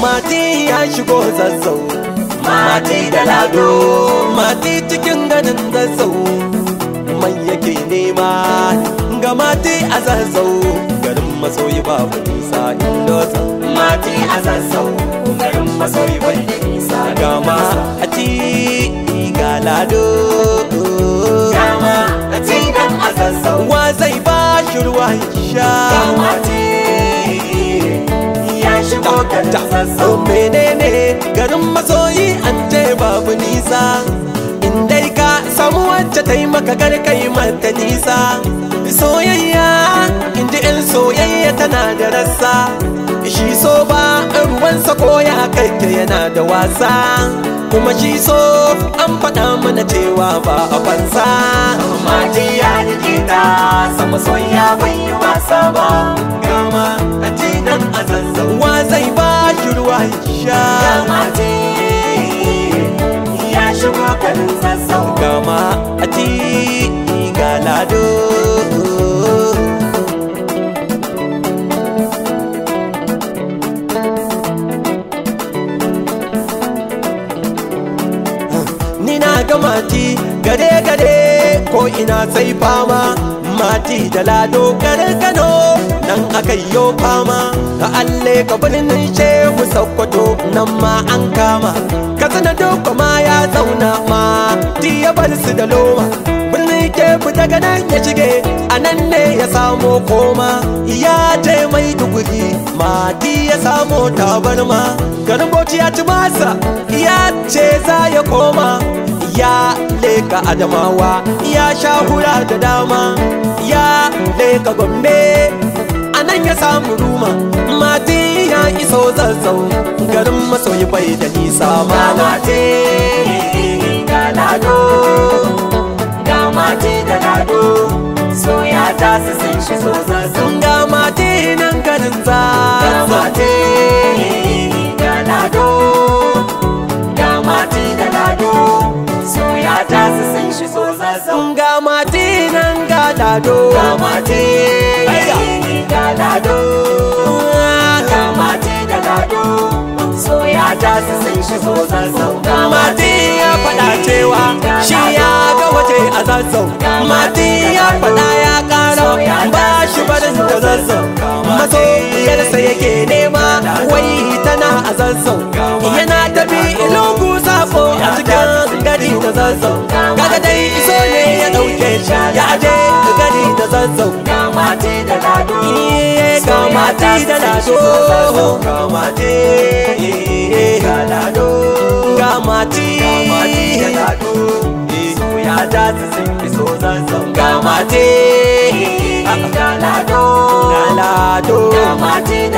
mati ya shigo zazzau mati da lado mati cikin ganin zazzau man yake nema ga mati a zazzau garin masoyi babu nisa zan. mati a zazzau garin masoyi babu nisa gama a ci ga lado gama a ci dan a zazzau wa zai ba shi ruwa ya sha lokacin sassan menene garin masoyi an je babu nisa indai ka samu wacce ta yi maka garkai mata nisa soyayya in in soyayya tana da rassa shi so ba ruwansa ko ya kai yana da wasa kuma shi so an faɗa mana cewa ba a ji ya da ta sama soyayya bai yi wasa ba gama a nan a zazzau zai ba shi ruwa sha gamati ya shigo kanin sassau gama ati ga lado ni na gamati gade-gade ko ina sai fama mati da lado kano nan aka yo fama ka alle ka birnin mu sokoto nan ma an kama ka zana doko ma ya zauna ma ti ya bar su da loma ke kebu daga nan ya shige a nan ne ya samo koma ya je mai duguri mati ya samo tabarma garin bauchi ya ci masa ya ce adamawa ya sha hura da dama ya leka gombe a nan ya samu ruma mati ya iso zazzau garin masoyi bai da nisa ma mati ga lado ga mati da lado so ya tasi sun shi so zazzau ga mati nan garin za sun shigo zazzau ga mati nan ga lado ga ni ga lado ga mati da lado so ya ta su sun shigo zazzau ga mati ya faɗa cewa shi ya ga waje a zazzau mati ya faɗa ya ƙara ba shi barin da zazzau maso yadda yake nema wai tana a zazzau yana zazzau kaga dai iso ne ya dauke shi ya je ga gari da zazzau ga mati da lado ga mati da lado ga mati da lado iso ya da zazzau iso zazzau ga mati da lado ga mati da lado